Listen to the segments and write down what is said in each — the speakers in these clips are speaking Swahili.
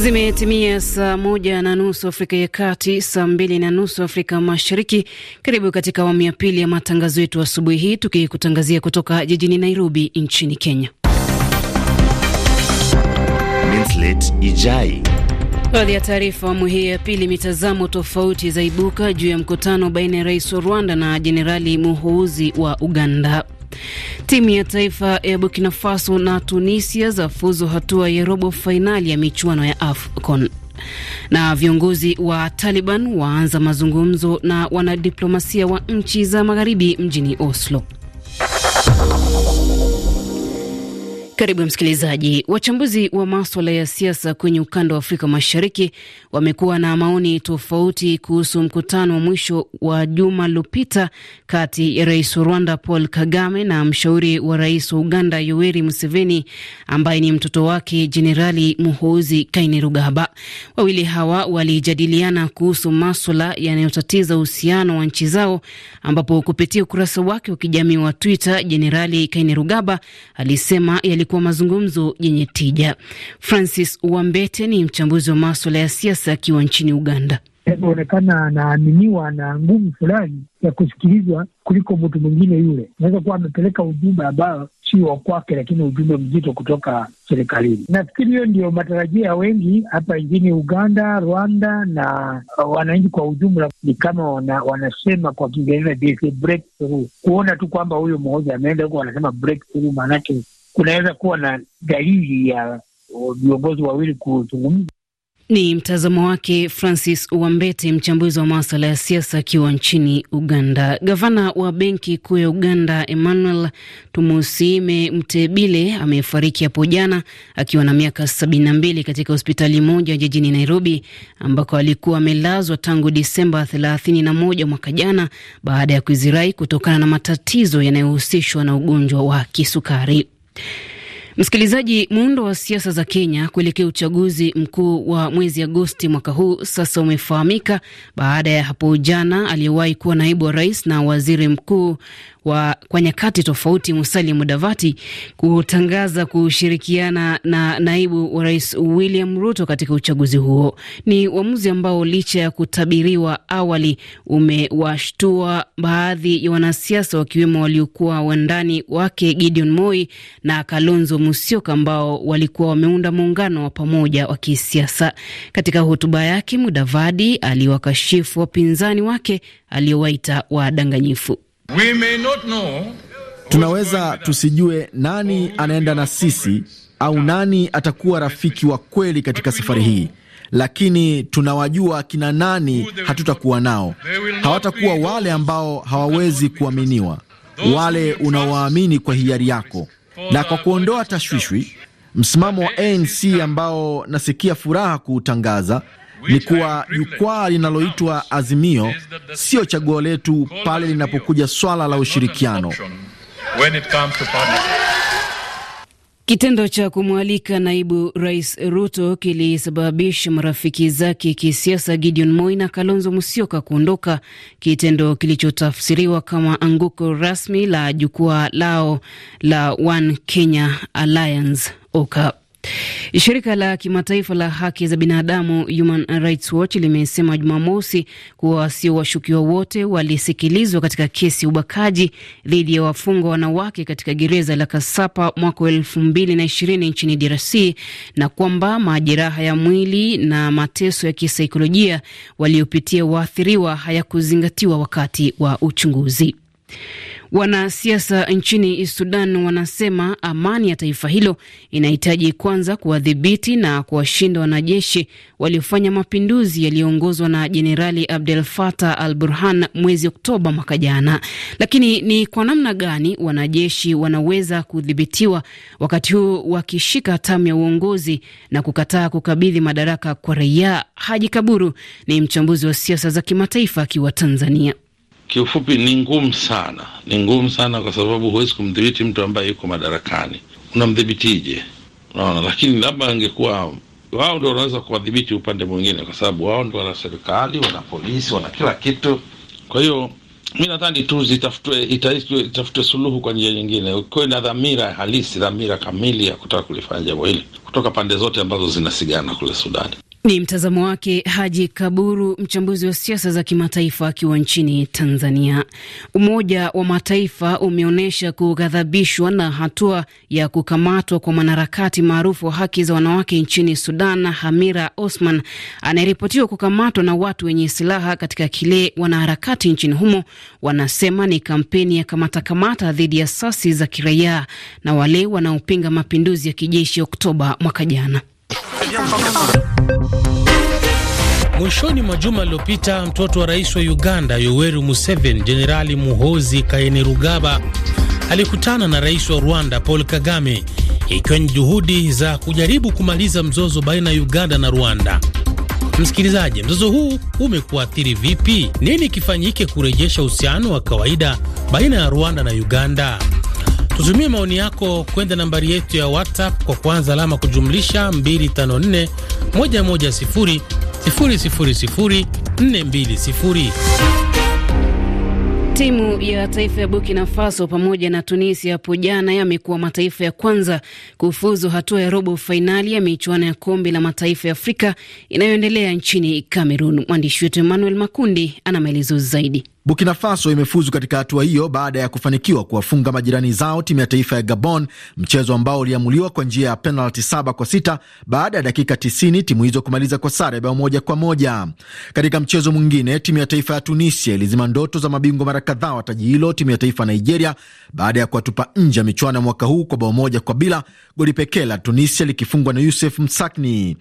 Zimetimia saa moja na nusu Afrika ya Kati, saa mbili na nusu Afrika Mashariki. Karibu katika awamu ya pili ya matangazo yetu asubuhi hii, tukikutangazia kutoka jijini Nairobi nchini Kenya. Minslet Ijai. Baadhi ya taarifa awamu hii ya pili. Mitazamo tofauti za ibuka juu ya mkutano baina ya rais wa Rwanda na Jenerali muhuuzi wa Uganda. Timu ya taifa ya Burkina Faso na Tunisia zafuzu hatua ya robo fainali ya michuano ya AFCON na viongozi wa Taliban waanza mazungumzo na wanadiplomasia wa nchi za magharibi mjini Oslo. Karibu msikilizaji. Wachambuzi wa maswala ya siasa kwenye ukanda wa Afrika Mashariki wamekuwa na maoni tofauti kuhusu mkutano wa mwisho wa juma lilopita kati ya rais wa Rwanda Paul Kagame na mshauri wa rais wa Uganda Yoweri Museveni ambaye ni mtoto wake Jenerali Muhoozi Kainerugaba. Wawili hawa walijadiliana kuhusu maswala yanayotatiza uhusiano wa nchi zao, ambapo kupitia ukurasa wake wa kijamii wa Twitter Jenerali Kainerugaba alisema yali kuwa mazungumzo yenye tija. Francis Wambete ni mchambuzi wa maswala ya siasa akiwa nchini Uganda. Inaonekana anaaminiwa na nguvu fulani ya kusikilizwa kuliko mtu mwingine yule. Unaweza kuwa amepeleka ujumbe ambayo sio wa kwake, lakini ujumbe mzito kutoka serikalini. Nafikiri hiyo ndio matarajio ya wengi hapa nchini Uganda, Rwanda na wananchi kwa ujumla. Ni kama wana, wanasema kwa Kiingereza breakthrough, kuona tu kwamba huyo mmoja ameenda huko, wanasema breakthrough, maanake kunaweza kuwa na dalili ya uh, viongozi wawili kuzungumza. Ni mtazamo wake Francis Wambete, mchambuzi wa maswala ya siasa akiwa nchini Uganda. Gavana wa benki kuu ya Uganda Emmanuel Tumusiime Mtebile amefariki hapo jana akiwa na miaka sabini na mbili katika hospitali moja jijini Nairobi, ambako alikuwa amelazwa tangu Disemba thelathini na moja mwaka jana baada ya kuzirai kutokana na matatizo yanayohusishwa na ugonjwa wa kisukari. Msikilizaji, muundo wa siasa za Kenya kuelekea uchaguzi mkuu wa mwezi Agosti mwaka huu sasa umefahamika baada ya hapo jana aliyewahi kuwa naibu wa rais na waziri mkuu wa kwa nyakati tofauti Musalia Mudavadi kutangaza kushirikiana na naibu wa rais William Ruto katika uchaguzi huo. Ni uamuzi ambao licha ya kutabiriwa awali umewashtua baadhi ya wanasiasa wakiwemo waliokuwa wandani wake Gideon Moi na Kalonzo Musyoka ambao walikuwa wameunda muungano wa pamoja wa kisiasa. Katika hotuba yake, Mudavadi aliwakashifu wapinzani wake aliowaita wadanganyifu. We may not know, tunaweza tusijue nani anaenda na sisi au nani atakuwa rafiki wa kweli katika safari hii, lakini tunawajua kina nani hatutakuwa nao. Hawatakuwa wale ambao hawawezi kuaminiwa, wale unaowaamini kwa hiari yako. Na kwa kuondoa tashwishwi, msimamo wa ANC ambao nasikia furaha kuutangaza ni kuwa jukwaa linaloitwa Azimio sio chaguo letu pale linapokuja swala la ushirikiano. Kitendo cha kumwalika naibu rais Ruto kilisababisha marafiki zake kisiasa Gideon Moi na Kalonzo Musyoka kuondoka, kitendo kilichotafsiriwa kama anguko rasmi la jukwaa lao la One Kenya Alliance OKA. Shirika la kimataifa la haki za binadamu Human Rights Watch limesema Jumamosi kuwa wasio washukiwa wote walisikilizwa katika kesi ya ubakaji dhidi ya wafungwa wanawake katika gereza la Kasapa mwaka wa elfu mbili na ishirini nchini DRC na kwamba majeraha ya mwili na mateso ya kisaikolojia waliopitia waathiriwa hayakuzingatiwa wakati wa uchunguzi. Wanasiasa nchini Sudan wanasema amani ya taifa hilo inahitaji kwanza kuwadhibiti na kuwashinda wanajeshi waliofanya mapinduzi yaliyoongozwa na Jenerali Abdel Fattah al Burhan mwezi Oktoba mwaka jana. Lakini ni kwa namna gani wanajeshi wanaweza kudhibitiwa wakati huu wakishika hatamu ya uongozi na kukataa kukabidhi madaraka kwa raia? Haji Kaburu ni mchambuzi wa siasa za kimataifa akiwa Tanzania. Kiufupi ni ngumu sana, ni ngumu sana kwa sababu huwezi kumdhibiti mtu ambaye yuko madarakani. Unamdhibitije? Unaona, lakini labda angekuwa wao ndio wanaweza kuwadhibiti upande mwingine, kwa sababu wao ndio wana serikali, wana polisi, wana kila kitu. Kwa hiyo mi nadhani tu zitafutwe, itafutwe suluhu kwa njia nyingine, ukiwe na dhamira halisi, dhamira kamili ya kutaka kulifanya jambo hili kutoka pande zote ambazo zinasigana kule Sudani. Ni mtazamo wake Haji Kaburu, mchambuzi wa siasa za kimataifa akiwa nchini Tanzania. Umoja wa Mataifa umeonyesha kughadhabishwa na hatua ya kukamatwa kwa mwanaharakati maarufu wa haki za wanawake nchini Sudan, Hamira Osman, anayeripotiwa kukamatwa na watu wenye silaha katika kile wanaharakati nchini humo wanasema ni kampeni ya kamatakamata dhidi ya asasi za kiraia na wale wanaopinga mapinduzi ya kijeshi Oktoba mwaka jana. Mwishoni mwa juma lililopita, mtoto wa rais wa Uganda Yoweri Museveni, Jenerali Muhozi Kainerugaba, alikutana na rais wa Rwanda Paul Kagame, ikiwa ni juhudi za kujaribu kumaliza mzozo baina ya Uganda na Rwanda. Msikilizaji, mzozo huu umekuathiri vipi? Nini kifanyike kurejesha uhusiano wa kawaida baina ya Rwanda na Uganda? Tutumie maoni yako kwenda nambari yetu ya WhatsApp kwa kuanza alama kujumlisha 254 110 000 420. Timu ya taifa ya Burkina Faso pamoja na Tunisia hapo jana yamekuwa mataifa ya kwanza kufuzu hatua ya robo fainali ya michuano ya kombe la mataifa ya Afrika inayoendelea nchini Kamerun. Mwandishi wetu Emmanuel Makundi ana maelezo zaidi. Burkina Faso imefuzu katika hatua hiyo baada ya kufanikiwa kuwafunga majirani zao timu ya taifa ya Gabon, mchezo ambao uliamuliwa kwa njia ya penalti saba kwa sita baada ya dakika 90 timu hizo kumaliza kwa sare bao moja kwa moja. Katika mchezo mwingine, timu ya taifa ya Tunisia ilizima ndoto za mabingwa mara kadhaa wa taji hilo, timu ya taifa ya Nigeria, baada ya kuwatupa nje ya michuano ya mwaka huu kwa bao moja kwa bila, goli pekee la Tunisia likifungwa na Yusef Msakni.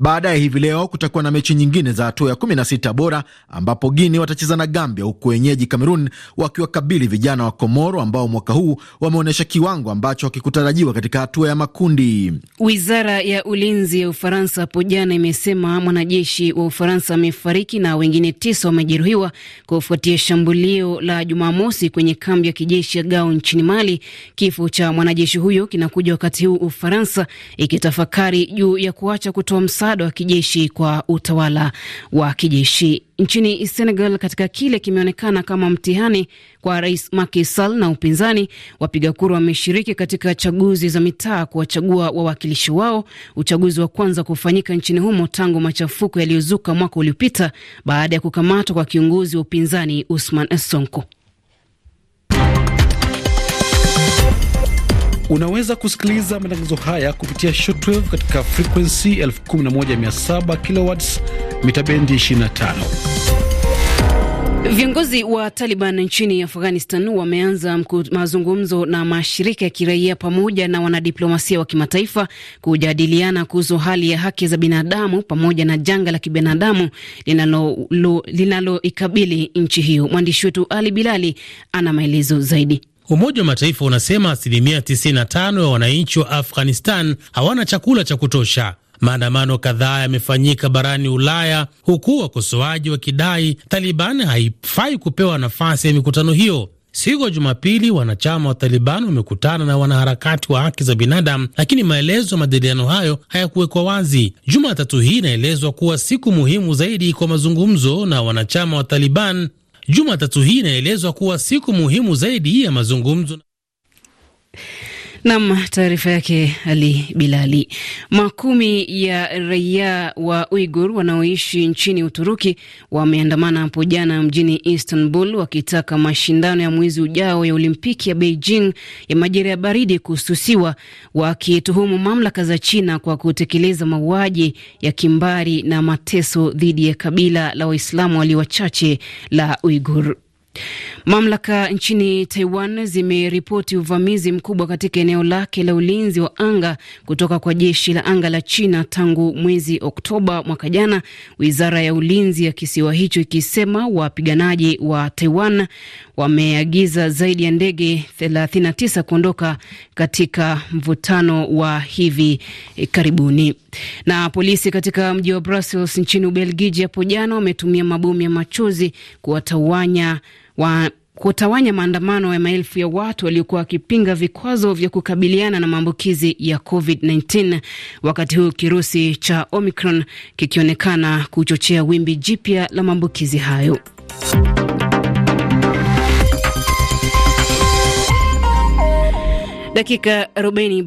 Baadaye hivi leo kutakuwa na mechi nyingine za hatua ya 16 bora ambapo Guini watacheza na Gambia huku wenyeji Cameroon wakiwakabili vijana wa Komoro ambao mwaka huu wameonyesha kiwango ambacho hakikutarajiwa katika hatua ya makundi. Wizara ya ulinzi ya Ufaransa hapo jana imesema mwanajeshi wa Ufaransa amefariki na wengine tisa wamejeruhiwa kufuatia shambulio la Jumamosi kwenye kambi ya kijeshi ya Gao nchini Mali. Kifo cha mwanajeshi huyo kinakuja wakati huu Ufaransa ikitafakari juu ya kuacha kutoa msaada wa kijeshi kwa utawala wa kijeshi nchini Senegal katika kile kimeonekana unaonekana kama mtihani kwa Rais Macky Sall na upinzani. Wapiga kura wameshiriki katika chaguzi za mitaa kuwachagua wawakilishi wao, uchaguzi wa kwanza kufanyika nchini humo tangu machafuko yaliyozuka mwaka uliopita baada ya kukamatwa kwa kiongozi wa upinzani Usman Sonko. Unaweza kusikiliza matangazo haya kupitia shortwave katika frekuensi 11700 kilohertz mita bendi 25. Viongozi wa Taliban nchini Afghanistan wameanza mazungumzo na mashirika ya kiraia pamoja na wanadiplomasia wa kimataifa kujadiliana kuhusu hali ya haki za binadamu pamoja na janga la kibinadamu linaloikabili linalo nchi hiyo. Mwandishi wetu Ali Bilali ana maelezo zaidi. Umoja wa Mataifa unasema asilimia 95 ya wananchi wa Afghanistan hawana chakula cha kutosha Maandamano kadhaa yamefanyika barani Ulaya, huku wakosoaji wakidai Taliban haifai kupewa nafasi ya mikutano hiyo. Siku ya Jumapili, wanachama wa Taliban wamekutana na wanaharakati wa haki za binadamu, lakini maelezo ya majadiliano hayo hayakuwekwa wazi. Jumatatu hii inaelezwa kuwa siku muhimu zaidi kwa mazungumzo na wanachama wa Taliban. Jumatatu hii inaelezwa kuwa siku muhimu zaidi ya mazungumzo Nam, taarifa yake Ali Bilali. Makumi ya raia wa Uigur wanaoishi nchini Uturuki wameandamana hapo jana mjini Istanbul wakitaka mashindano ya mwezi ujao ya Olimpiki ya Beijing ya majira ya baridi kuhususiwa wakituhumu mamlaka za China kwa kutekeleza mauaji ya kimbari na mateso dhidi ya kabila la Waislamu walio wachache la Uigur. Mamlaka nchini Taiwan zimeripoti uvamizi mkubwa katika eneo lake la ulinzi wa anga kutoka kwa jeshi la anga la China tangu mwezi Oktoba mwaka jana, wizara ya ulinzi ya kisiwa hicho ikisema wapiganaji wa Taiwan wameagiza zaidi ya ndege 39 kuondoka katika mvutano wa hivi karibuni. Na polisi katika mji wa Brussels nchini Ubelgiji hapo jana wametumia mabomu ya machozi kuwatawanya wa kutawanya maandamano ya maelfu ya watu waliokuwa wakipinga vikwazo vya kukabiliana na maambukizi ya COVID-19, wakati huu kirusi cha Omicron kikionekana kuchochea wimbi jipya la maambukizi hayo. Dakika 40